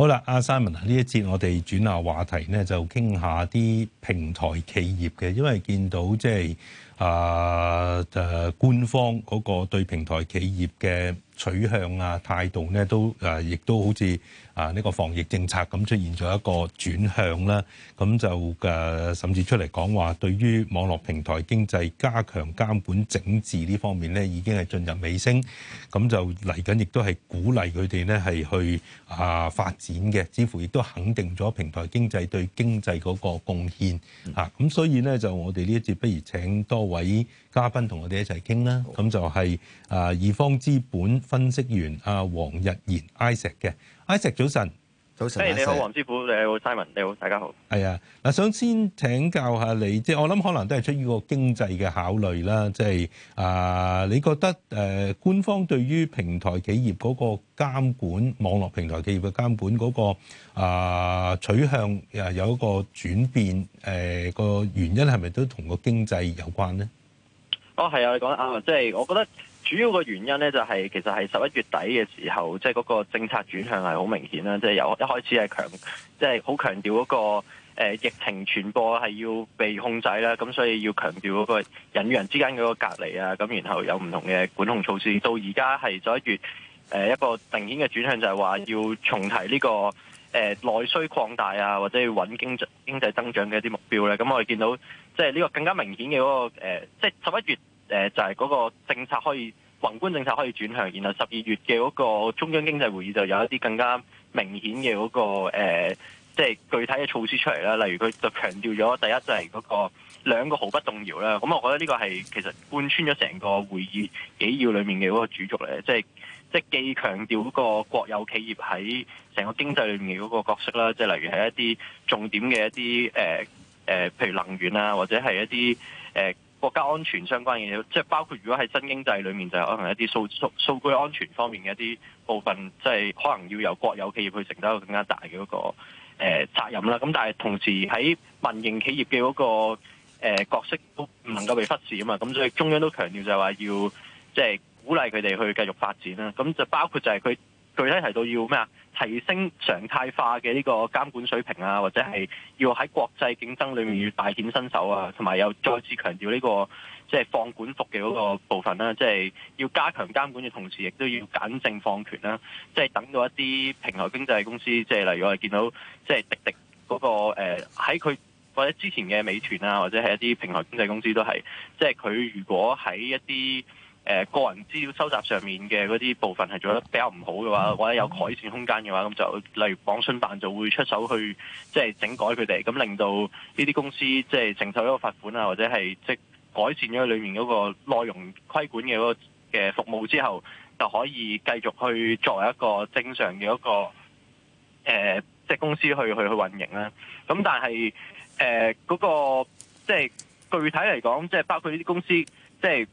好啦，阿 Simon 啊，呢一節我哋轉下話題咧，就傾下啲平台企業嘅，因為見到即係啊誒官方嗰個對平台企業嘅取向啊態度咧，都誒、呃、亦都好似。啊！呢個防疫政策咁出現咗一個轉向啦，咁就誒甚至出嚟講話，對於網絡平台經濟加強監管整治呢方面咧，已經係進入尾聲。咁就嚟緊亦都係鼓勵佢哋咧係去啊發展嘅，似乎亦都肯定咗平台經濟對經濟嗰個貢獻嚇。咁所以咧，就我哋呢一節不如請多位嘉賓同我哋一齊傾啦。咁好就係啊，易方資本分析員阿王逸研 Isaac 嘅。i 早晨，早晨，誒、hey, 你好，黃師傅，你好，Simon，你好，大家好，係啊，嗱，想先請教下你，即係我諗可能都係出於個經濟嘅考慮啦，即係啊，你覺得誒、呃、官方對於平台企業嗰個監管，網絡平台企業嘅監管嗰、那個啊、呃、取向，誒有一個轉變，誒、呃、個原因係咪都同個經濟有關咧？哦，係啊，你講得啱啊，即、就、係、是、我覺得。主要嘅原因咧，就係其實係十一月底嘅時候，即係嗰個政策轉向係好明顯啦。即係由一開始係強，即係好強調嗰個疫情傳播係要被控制啦。咁所以要強調嗰個人與人之間嗰個隔離啊。咁然後有唔同嘅管控措施。到而家係十一月，誒一個明顯嘅轉向就係話要重提呢個誒內需擴大啊，或者要揾經濟經濟增長嘅一啲目標咧。咁我哋見到，即係呢個更加明顯嘅嗰個誒，即係十一月誒就係嗰個政策可以。宏觀政策可以轉向，然後十二月嘅嗰個中央經濟會議就有一啲更加明顯嘅嗰個、呃、即係具體嘅措施出嚟啦。例如佢就強調咗，第一就係、是、嗰個兩個毫不動搖啦。咁我覺得呢個係其實貫穿咗成個會議紀要裡面嘅嗰個主軸嚟，即係即係既強調個國有企業喺成個經濟裏面嘅嗰個角色啦，即係例如係一啲重點嘅一啲誒誒，呃呃、譬如能源啊，或者係一啲誒。呃國家安全相關嘅嘢，即係包括如果喺新經濟裏面，就係可能一啲數數數據安全方面嘅一啲部分，即係可能要由國有企業去承擔更加大嘅嗰個誒責任啦。咁但係同時喺民營企業嘅嗰個誒角色都唔能夠被忽視啊嘛。咁所以中央都強調就係話要即係鼓勵佢哋去繼續發展啦。咁就包括就係佢。具體提到要咩啊？提升常態化嘅呢個監管水平啊，或者係要喺國際競爭裏面要大顯身手啊，同埋又再次強調呢個即係放管服嘅嗰個部分啦，即係要加強監管嘅同時，亦都要簡政放權啦。即係等到一啲平台經濟公司，即係例如我哋見到即係滴滴嗰個喺佢或者之前嘅美團啊，或者係一啲平台經濟公司都係，即係佢如果喺一啲。誒、呃、個人資料收集上面嘅嗰啲部分係做得比較唔好嘅話，嗯、或者有改善空間嘅話，咁就例如網信辦就會出手去即係、就是、整改佢哋，咁令到呢啲公司即係、就是、承受一個罰款啊，或者係即、就是、改善咗裡面嗰個內容規管嘅嗰個嘅服務之後，就可以繼續去作為一個正常嘅一個誒即係公司去去去運營啦。咁但係誒嗰個即係、就是、具體嚟講，即、就、係、是、包括呢啲公司即係。就是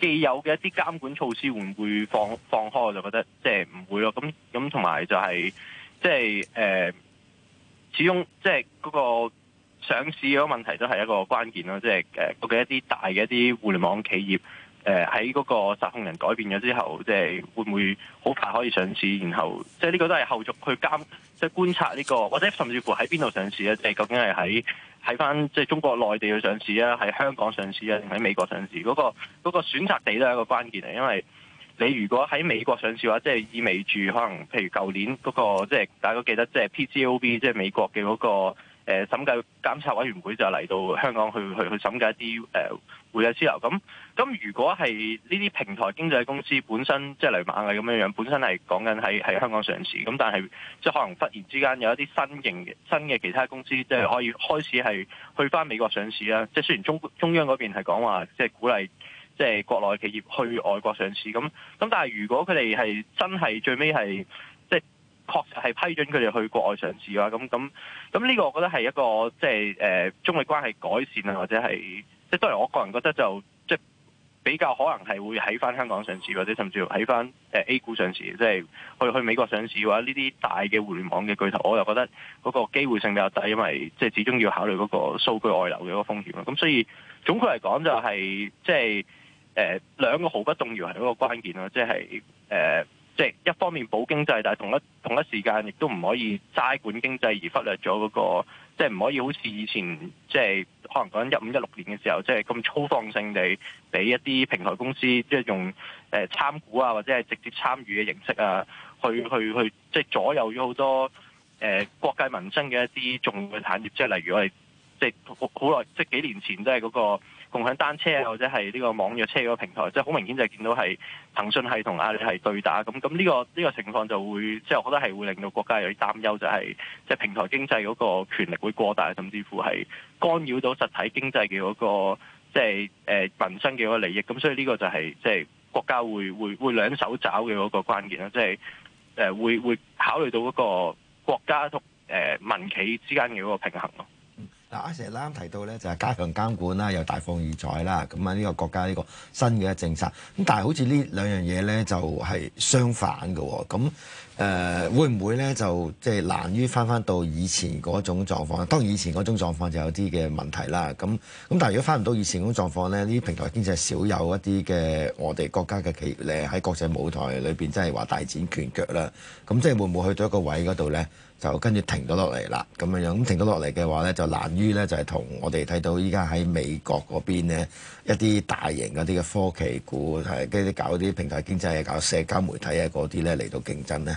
既有嘅一啲監管措施會唔會放放開？我就覺得即係唔會咯。咁咁同埋就係即係誒，始終即係嗰個上市嗰個問題都係一個關鍵咯。即係誒，我嘅一啲大嘅一啲互聯網企業。誒喺嗰個實控人改變咗之後，即係會唔會好快可以上市？然後即係呢個都係後續去監即係觀察呢個，或者甚至乎喺邊度上市咧？即係究竟係喺喺翻即係中國內地去上市啊，喺香港上市啊，定喺美國上市？嗰個嗰個選擇地都係一個關鍵嚟，因為你如果喺美國上市嘅話，即係意味住可能譬如舊年嗰個即係大家都記得即係 PCOB，即係美國嘅嗰個。誒、呃、審計監察委員會就嚟到香港去去去審計一啲誒、呃、會計資料。咁咁如果係呢啲平台經濟公司本身即係螞蟻咁樣樣，本身係講緊喺喺香港上市。咁但係即係可能忽然之間有一啲新型新嘅其他公司，即係可以開始係去翻美國上市啦。即係雖然中中央嗰邊係講話即係鼓勵即係國內企業去外國上市。咁咁但係如果佢哋係真係最尾係。確實係批准佢哋去國外上市嘅話，咁咁咁呢個，我覺得係一個即係誒中美關係改善啊，或者係即係當然我個人覺得就即係、就是、比較可能係會喺翻香港上市，或者甚至乎喺翻誒 A 股上市，即、就、係、是、去去美國上市嘅話，呢啲大嘅互聯網嘅巨頭，我又覺得嗰個機會性比較低，因為即係始終要考慮嗰個數據外流嘅一個風險啊。咁所以總括嚟講、就是，就係即係誒兩個毫不動搖係一個關鍵咯，即係誒。呃即係一方面保經濟，但係同一同一時間亦都唔可以齋管經濟而忽略咗嗰個，即係唔可以好似以前，即係可能講一五一六年嘅時候，即係咁粗放性地俾一啲平台公司即係用誒參股啊，或者係直接參與嘅形式啊，去去去，即係左右咗好多誒國計民生嘅一啲重要嘅產業，即係例如我哋即係好耐，即係幾年前都係嗰個。共享單車啊，或者係呢個網約車嗰個平台，即係好明顯就見到係騰訊係同阿里係對打咁。咁呢、呢個呢、呢個情況就會即係、即係、我覺得係會令到國家有啲擔憂，就係即係平台經濟嗰個權力會過大，甚至乎係干擾到實體經濟嘅嗰、嗰個即係誒民生嘅嗰個利益。咁所以呢個就係即係國家會會會兩手抓嘅嗰個關鍵啦，即係誒會會考慮到嗰個國家同誒、呃、民企之間嘅嗰個平衡咯。嗱，阿成啱啱提到咧，就係、是、加強監管啦，又大放異彩啦，咁啊呢個國家呢個新嘅政策，咁但係好似呢兩樣嘢咧，就係相反嘅喎，咁。誒、呃、會唔會咧就即係難於翻翻到以前嗰種狀況？當然以前嗰種狀況就有啲嘅問題啦。咁咁但係如果翻唔到以前嗰種狀況咧，呢啲平台經濟少有一啲嘅我哋國家嘅企業咧，喺國際舞台裏邊真係話大展拳腳啦。咁即係會唔會去到一個位嗰度咧，就跟住停咗落嚟啦？咁樣樣咁停咗落嚟嘅話咧，就難於咧就係同我哋睇到依家喺美國嗰邊咧，一啲大型嗰啲嘅科技股係跟啲搞啲平台經濟、搞社交媒體啊嗰啲咧，嚟到競爭咧？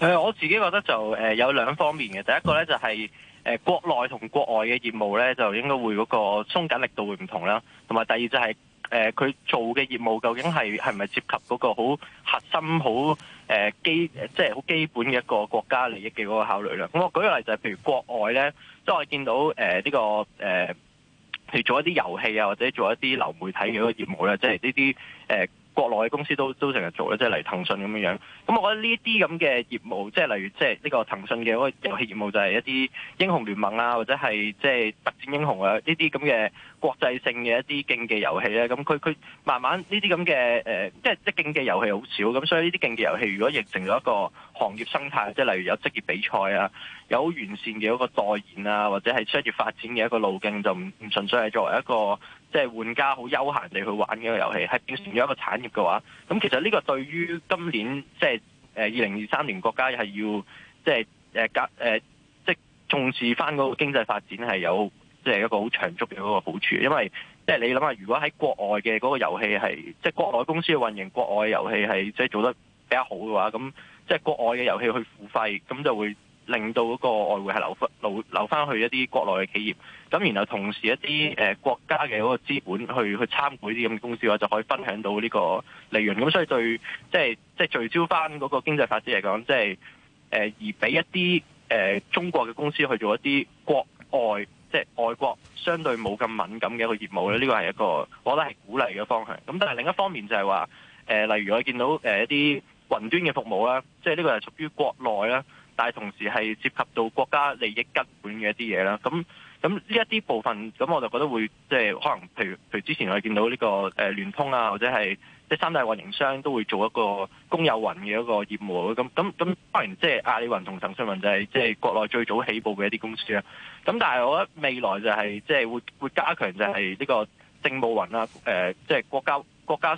誒我自己覺得就誒有兩方面嘅，第一個咧就係誒國內同國外嘅業務咧，就應該會嗰個鬆緊力度會唔同啦。同埋第二就係誒佢做嘅業務究竟係係咪涉及嗰個好核心好誒基即係好基本嘅一個國家利益嘅嗰個考慮咧。咁我舉個例就係譬如國外咧，即係我見到誒呢個誒，譬如做一啲遊戲啊或者做一啲流媒體嘅一個業務咧，即係呢啲誒。國內嘅公司都都成日做咧，即係嚟騰訊咁樣樣。咁我覺得呢啲咁嘅業務，即係例如即係呢個騰訊嘅嗰個遊戲業務，就係一啲英雄聯盟啊，或者係即係特戰英雄啊呢啲咁嘅。這國際性嘅一啲競技遊戲咧，咁佢佢慢慢呢啲咁嘅誒，即係即係競技遊戲好少，咁所以呢啲競技遊戲如果形成咗一個行業生態，即係例如有職業比賽啊，有好完善嘅一個代言啊，或者係商業發展嘅一個路徑，就唔唔純粹係作為一個即係玩家好休閒地去玩嘅一個遊戲，係變成咗一個產業嘅話，咁其實呢個對於今年即係誒二零二三年國家係要即係誒格誒即係重視翻嗰個經濟發展係有。即係一個好長足嘅一個好處，因為即係你諗下，如果喺國外嘅嗰個遊戲係即係國內公司嘅運營，國外遊戲係即係做得比較好嘅話，咁即係國外嘅遊戲去付費，咁就會令到嗰個外匯係留翻翻去一啲國內嘅企業，咁然後同時一啲誒國家嘅嗰個資本去去參股啲咁嘅公司嘅話，就可以分享到呢個利潤。咁所以對即係即係聚焦翻嗰個經濟發展嚟講，即係誒而俾一啲誒、呃、中國嘅公司去做一啲國外。即係外國相對冇咁敏感嘅一個業務咧，呢個係一個我覺得係鼓勵嘅方向。咁但係另一方面就係話，誒、呃、例如我見到誒一啲雲端嘅服務啦，即係呢個係屬於國內啦，但係同時係涉及到國家利益根本嘅一啲嘢啦。咁咁呢一啲部分，咁我就覺得會即係、就是、可能，譬如譬如之前我哋見到呢、這個誒、呃、聯通啊，或者係。即係三大運營商都會做一個公有雲嘅一個業務咁咁咁，當然即係阿里雲同騰訊雲就係即係國內最早起步嘅一啲公司啦。咁但係我覺得未來就係即係會會加強就係呢個政務雲啦，誒，呃，即係國家國家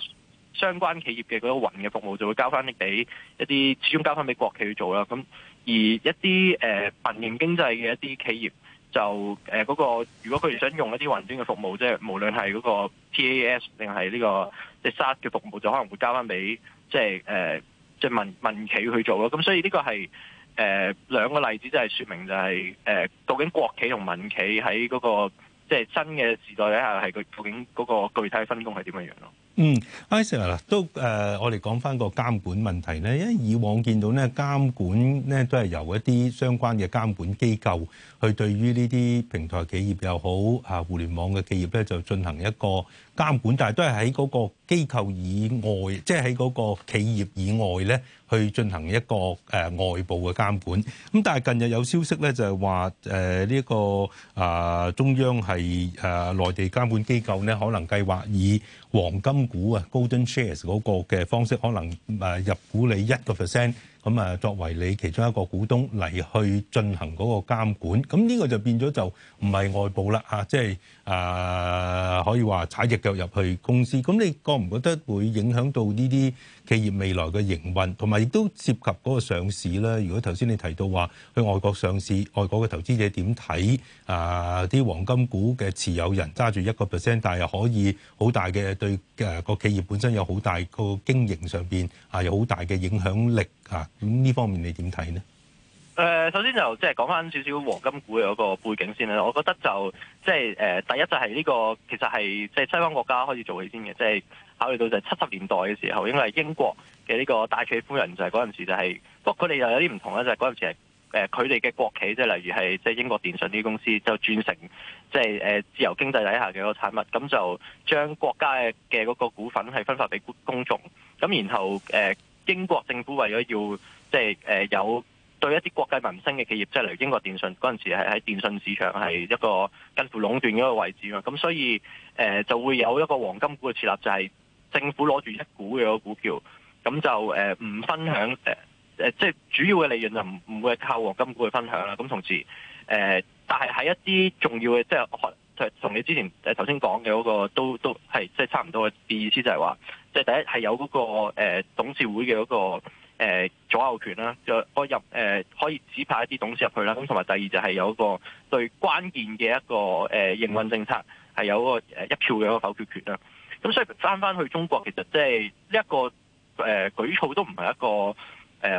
相關企業嘅嗰個雲嘅服務就會交翻俾一啲始終交翻俾國企去做啦。咁而一啲誒民營經濟嘅一啲企業。就誒嗰、呃那個，如果佢哋想用一啲雲端嘅服務，即係無論係嗰個 PAS 定係呢個即係沙嘅服務，就可能會交翻俾即係誒即係民民企去做咯。咁所以呢個係誒、呃、兩個例子，即係説明就係、是、誒、呃那個就是、究竟國企同民企喺嗰個即係新嘅時代底下係個究竟嗰個具體分工係點樣樣咯。嗯，阿成啊，Sir，都誒、呃，我哋講翻個監管問題咧，因為以往見到咧，監管咧都係由一啲相關嘅監管機構去對於呢啲平台企業又好，啊，互聯網嘅企業咧，就進行一個。監管，但係都係喺嗰個機構以外，即係喺嗰個企業以外咧，去進行一個誒外部嘅監管。咁但係近日有消息咧，就係話誒呢個啊、呃、中央係誒內地監管機構咧，可能計劃以黃金股啊，golden shares 嗰個嘅方式，可能誒入股你一個 percent。咁啊，作為你其中一個股東嚟去進行嗰個監管，咁呢個就變咗就唔係外部啦，啊、就是，即係啊，可以話踩隻腳入去公司，咁你覺唔覺得會影響到呢啲？企業未來嘅營運，同埋亦都涉及嗰個上市啦。如果頭先你提到話去外國上市，外國嘅投資者點睇啊？啲黃金股嘅持有人揸住一個 percent，但係可以好大嘅對誒個、啊、企業本身有好大個經營上面啊，有好大嘅影響力啊。咁呢方面你點睇呢？誒、呃，首先就即係講返少少黃金股嘅嗰個背景先啦。我覺得就即係誒，第一就係呢、這個其實係即係西方國家開始做起先嘅，即、就、係、是、考慮到就係七十年代嘅時候，因為英國嘅呢個戴卓爾夫人就係嗰陣時就係、是、不過佢哋又有啲唔同啦，就係嗰陣時係佢哋嘅國企，即、就、係、是、例如係即係英國電信呢啲公司，就轉成即係誒自由經濟底下嘅嗰個產物，咁就將國家嘅嘅嗰個股份係分發俾公眾咁，然後誒、呃、英國政府為咗要即係誒有。對一啲國際民生嘅企業，即係例如英國電信嗰陣時係喺電信市場係一個近乎壟斷嘅一個位置嘛，咁所以誒、呃、就會有一個黃金股嘅設立，就係、是、政府攞住一股嘅股票，咁就誒唔、呃、分享誒誒、呃，即係主要嘅利潤就唔唔會靠黃金股去分享啦。咁同時誒、呃，但係喺一啲重要嘅，即係同你之前誒頭先講嘅嗰個都都係即係差唔多嘅意思，就係話即係第一係有嗰、那個、呃、董事會嘅嗰、那個。誒左右權啦，就可入誒、呃、可以指派一啲董事入去啦。咁同埋第二就係有一個對關鍵嘅一個誒、呃、營運政策係有個誒、呃、一票嘅一個否決權啦。咁所以翻翻去中國，其實即係呢一個誒舉措都唔係一個誒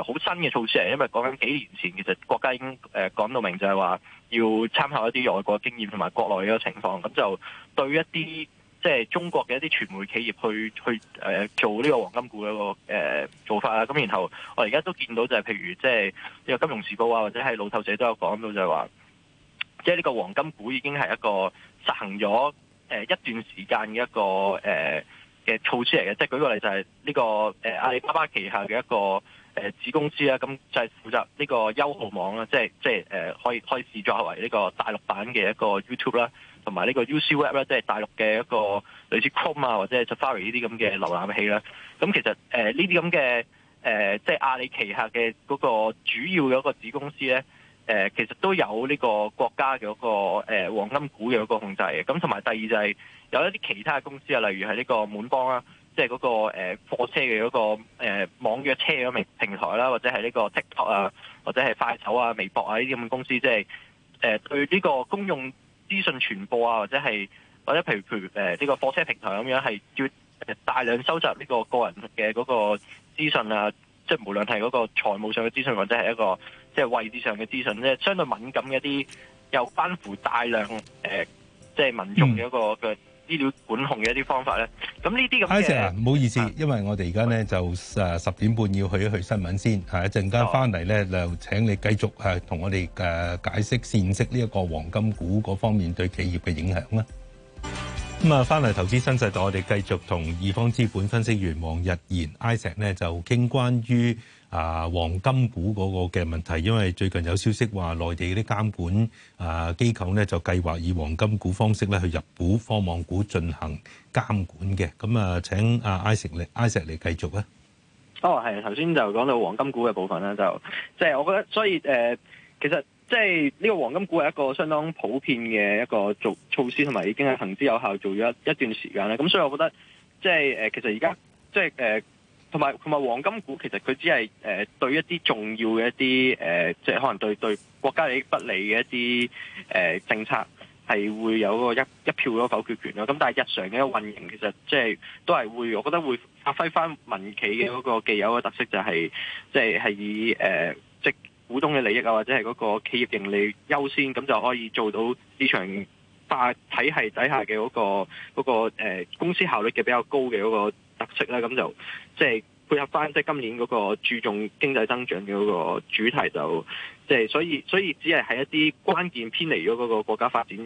好新嘅措施嚟，因為講緊幾年前，其實國家已經誒講到明就係話要參考一啲外國經驗同埋國內嘅情況，咁就對一啲。即係中國嘅一啲傳媒企業去去誒做呢個黃金股嘅一個誒做法啦，咁然後我而家都見到就係譬如即係呢個《金融時報》啊，或者係路透社都有講到就係話，即係呢個黃金股已經係一個實行咗誒一段時間嘅一個誒嘅措施嚟嘅。即係舉個例就係呢個誒阿里巴巴旗下嘅一個誒子公司啦，咁就係負責呢個優酷網啦，即係即係誒可以開始作為呢個大陸版嘅一個 YouTube 啦。同埋呢個 UCWeb 咧，即係大陸嘅一個類似 Chrome 啊，或者係 Safari 呢啲咁嘅瀏覽器啦。咁其實誒呢啲咁嘅誒，即、呃、係、呃就是、阿里旗下嘅嗰個主要嘅一個子公司咧，誒、呃、其實都有呢個國家嘅嗰個誒、呃、黃金股嘅一個控制嘅。咁同埋第二就係、是、有一啲其他公司啊，例如係呢個滿幫啦，即係嗰個誒貨、呃、車嘅嗰、那個誒、呃、網約車嘅平台啦，或者係呢個 TikTok 啊，或者係快手啊、微博啊呢啲咁嘅公司，即係誒對呢個公用。資訊傳播啊，或者係或者譬如譬如誒呢個貨車平台咁樣，係要大量收集呢個個人嘅嗰個資訊啊，即係無論係嗰個財務上嘅資訊，或者係一個即係位置上嘅資訊，即係，相對敏感嘅一啲，又關乎大量誒即係民眾嘅一個嘅資料管控嘅一啲方法咧，咁呢啲咁嘅，I 石唔好意思，啊、因為我哋而家咧就誒十點半要去一去新聞先，係一陣間翻嚟咧就請你繼續誒同我哋誒解釋線式呢一個黃金股嗰方面對企業嘅影響啦。咁啊、哦，翻嚟投資新世代，我哋繼續同易方資本分析員王逸研 I 石呢，就傾關於。啊，黃金股嗰個嘅問題，因為最近有消息話內地啲監管啊機構呢，就計劃以黃金股方式咧去入股科網股進行監管嘅，咁啊請啊艾成嚟艾成嚟繼續咧。哦，係頭先就講到黃金股嘅部分咧，就即係、就是、我覺得，所以誒、呃，其實即係呢個黃金股係一個相當普遍嘅一個做措施，同埋已經係行之有效做咗一段時間咧。咁所以我覺得即係誒，其實而家即係誒。就是呃同埋同埋黃金股其實佢只係誒對一啲重要嘅一啲誒，即、呃、係、就是、可能對對國家利益不利嘅一啲誒、呃、政策，係會有嗰一個一、一票否決權咯。咁但係日常嘅運營其實即係都係會，我覺得會發揮翻民企嘅嗰個既有嘅特色、就是，就係即係係以誒即、呃就是、股東嘅利益啊，或者係嗰個企業盈利優先，咁就可以做到市場化體系底下嘅嗰、那個嗰、那個呃、公司效率嘅比較高嘅嗰、那個。特色啦，咁就即係、就是、配合翻即係今年嗰個注重經濟增長嘅嗰個主題就即係、就是、所以所以只係喺一啲關鍵偏離咗嗰個國家發展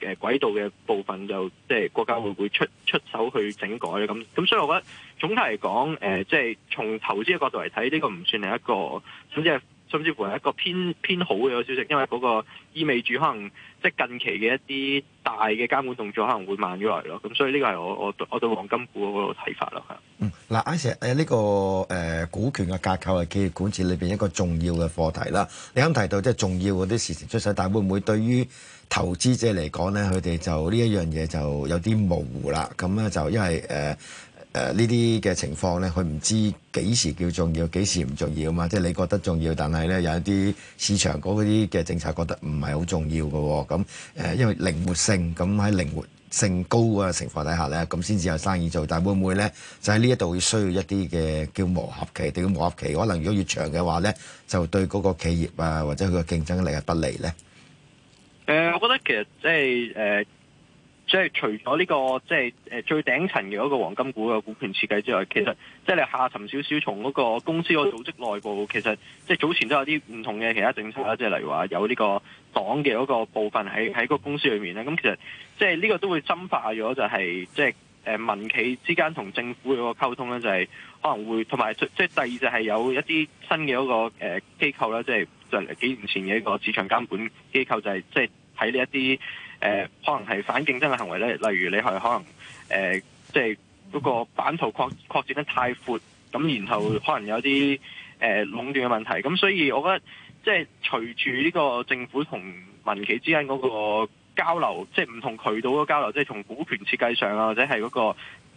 嘅軌道嘅部分就即係、就是、國家會唔會出出手去整改咧，咁咁所以我覺得總體嚟講誒即係從投資嘅角度嚟睇呢個唔算係一個咁即係。甚至乎係一個偏偏好嘅消息，因為嗰個意味住可能即係近期嘅一啲大嘅監管動作可能會慢咗落嚟咯。咁所以呢個係我我對我對黃金股嗰個睇法咯，嚇。嗯，嗱、啊，阿成呢個誒、呃、股權嘅架構係企業管治裏邊一個重要嘅課題啦。你啱提到即係重要嗰啲事情出世，但會唔會對於投資者嚟講咧，佢哋就呢一樣嘢就有啲模糊啦。咁咧就因為誒。呃誒呢啲嘅情況咧，佢唔知幾時叫重要，幾時唔重要啊嘛？即係你覺得重要，但係咧有一啲市場嗰啲嘅政策覺得唔係好重要嘅喎。咁誒，因為靈活性，咁喺靈活性高嘅情況底下咧，咁先至有生意做。但係會唔會咧，就喺呢一度會需要一啲嘅叫磨合期？定叫磨合期可能如果越長嘅話咧，就對嗰個企業啊或者佢嘅競爭力係不利咧。誒，我覺得其實即係誒。即係除咗呢個即係誒最頂層嘅嗰個黃金股嘅股權設計之外，其實即係你下沉少少，從嗰個公司個組織內部，其實即係早前都有啲唔同嘅其他政策啦，即係例如話有呢個黨嘅嗰個部分喺喺個公司裏面咧，咁其實即係呢個都會深化咗，就係即係誒民企之間同政府嘅個溝通咧，就係可能會同埋即係第二就係有一啲新嘅嗰個誒機構咧，即係就係幾年前嘅一個市場監管機構就係即係。喺呢一啲誒，可能係反競爭嘅行為咧，例如你係可能誒，即係嗰個版圖擴擴展得太闊，咁然後可能有啲誒、呃、壟斷嘅問題，咁所以我覺得即係、就是、隨住呢個政府同民企之間嗰個交流，即係唔同渠道嘅交流，即、就、係、是、從股權設計上啊，或者係嗰個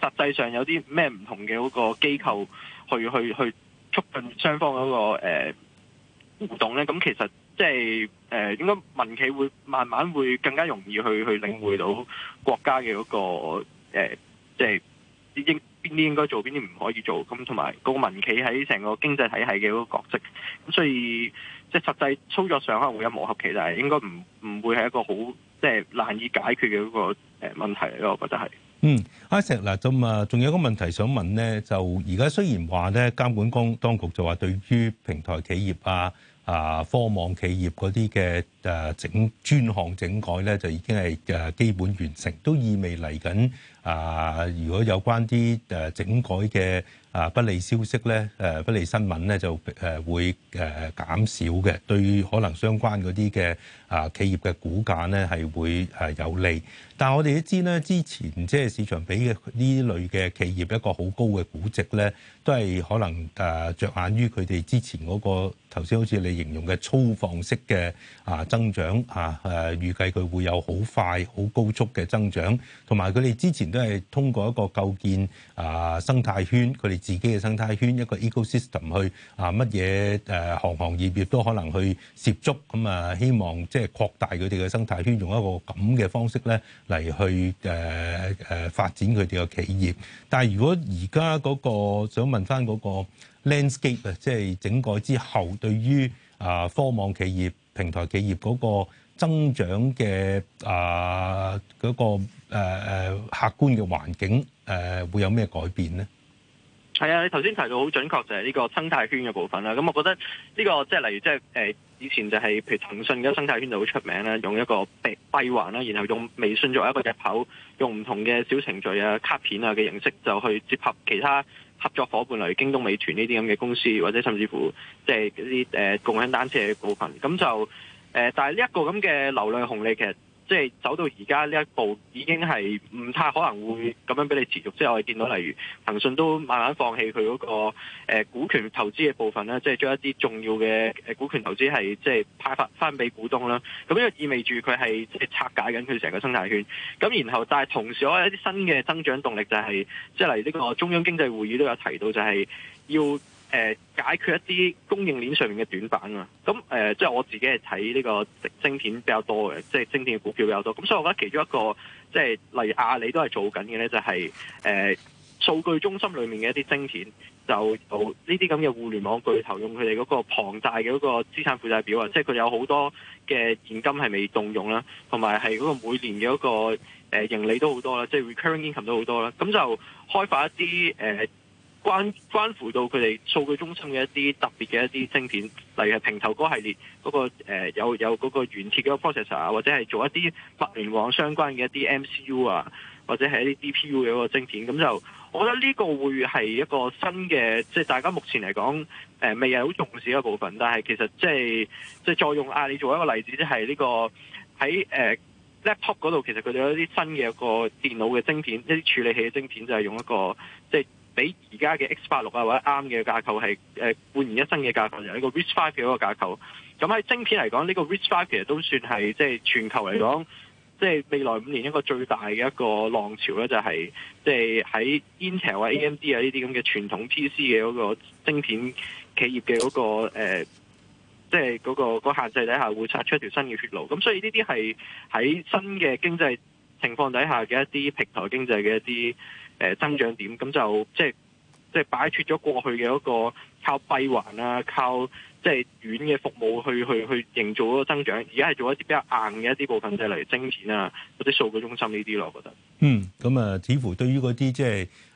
實際上有啲咩唔同嘅嗰個機構去去去促進雙方嗰、那個互、呃、動咧，咁其實。即係誒、呃，應該民企會慢慢會更加容易去去領會到國家嘅嗰個誒、呃，即係應邊啲應該做，邊啲唔可以做。咁同埋個民企喺成個經濟體系嘅嗰個角色。咁所以即係實際操作上可能會有磨合期，但係應該唔唔會係一個好即係難以解決嘅嗰個誒問題咯。我覺得係。嗯，阿石嗱咁啊，仲有一個問題想問咧，就而家雖然話咧監管公當局就話對於平台企業啊。啊，科網企業嗰啲嘅誒整專項整改咧，就已經係誒基本完成，都意味嚟緊啊，如果有關啲誒整改嘅。啊，不利消息咧，誒、啊、不利新聞咧就誒會誒、啊、減少嘅，對可能相關嗰啲嘅啊企業嘅股價咧係會誒、啊、有利。但係我哋都知咧，之前即係市場俾嘅呢類嘅企業一個好高嘅估值咧，都係可能誒着、啊、眼於佢哋之前嗰、嗰個頭先好似你形容嘅粗放式嘅啊增長啊，誒預計佢會有好快好高速嘅增長，同埋佢哋之前都係通過一個構建啊生態圈佢哋。自己嘅生態圈一個 ecosystem 去啊，乜嘢誒行行業業都可能去涉足咁啊。希望即係擴大佢哋嘅生態圈，用一個咁嘅方式咧嚟去誒誒、啊啊、發展佢哋嘅企業。但係如果而家嗰個想問翻嗰個 landscape 啊，即係整改之後，對於啊科網企業、平台企業嗰個增長嘅啊嗰、嗰個誒、啊、客觀嘅環境誒、啊、會有咩改變咧？係啊，你頭先提到好準確，就係呢個生態圈嘅部分啦。咁我覺得呢個即係例如即係誒，以前就係譬如騰訊嘅生態圈就好出名啦，用一個閉閉環啦，然後用微信作為一個入口，用唔同嘅小程序啊、卡片啊嘅形式就去接合其他合作伙伴，例如京東、美團呢啲咁嘅公司，或者甚至乎即係嗰啲誒共享單車嘅部分。咁就誒、呃，但係呢一個咁嘅流量紅利其實。即係走到而家呢一步，已經係唔太可能會咁樣俾你持續。即係我哋見到，例如騰訊都慢慢放棄佢嗰個、呃、股權投資嘅部分咧，即係將一啲重要嘅股權投資係即係派發翻俾股東啦。咁呢個意味住佢係即係拆解緊佢成個生態圈。咁然後，但係同時我有一啲新嘅增長動力，就係即係例如呢個中央經濟會議都有提到，就係要。誒解決一啲供應鏈上面嘅短板啊。咁誒、即、呃、係、就是、我自己係睇呢個晶片比較多嘅，即、就、係、是、晶片嘅股票比較多。咁所以我覺得其中一個即係、就是、例如阿里都係做緊嘅咧，就係、是、誒、呃、數據中心裏面嘅一啲晶片，就呢啲咁嘅互聯網巨頭用佢哋嗰個龐大嘅嗰個資產負債表啊，即係佢有好多嘅現金係未動用啦，同埋係嗰個每年嘅嗰個誒盈利都好多啦，即、就、係、是、recurring income 都好多啦。咁就開發一啲誒。呃關關乎到佢哋數據中心嘅一啲特別嘅一啲晶片，例如係平頭哥系列嗰、那個誒、呃、有有嗰個玄鐵嘅 processor 啊，或者係做一啲物聯網相關嘅一啲 MCU 啊，或者係一啲 DPU 嘅一個晶片。咁就我覺得呢個會係一個新嘅，即、就、係、是、大家目前嚟講誒、呃、未係好重視嘅部分。但係其實即係即係再用阿里、啊、做一個例子，即係呢個喺誒、呃、laptop 嗰度，其實佢哋有一啲新嘅一個電腦嘅晶片，一啲處理器嘅晶片就係用一個即係。就是比而家嘅 X 八六啊或者 ARM 嘅架構係誒、呃、煥然一新嘅架構，有、就、一、是、個 RISC-V 嘅一個架構。咁喺晶片嚟講，呢、這個 RISC-V 其實都算係即係全球嚟講，即、就、係、是、未來五年一個最大嘅一個浪潮咧、就是，就係、是、即係喺 Intel 啊、AMD 啊呢啲咁嘅傳統 PC 嘅嗰個晶片企業嘅嗰、那個即係嗰個限制底下會拆出一條新嘅血路。咁所以呢啲係喺新嘅經濟情況底下嘅一啲平台經濟嘅一啲。誒、呃，增長點咁就即係即係擺脱咗過去嘅一個靠閉環啊，靠即係軟嘅服務去去去營造嗰個增長。而家係做一啲比較硬嘅一啲部分，就係例如徵錢啊，或者數據中心呢啲咯。我覺得，嗯，咁啊，似乎對於嗰啲即係。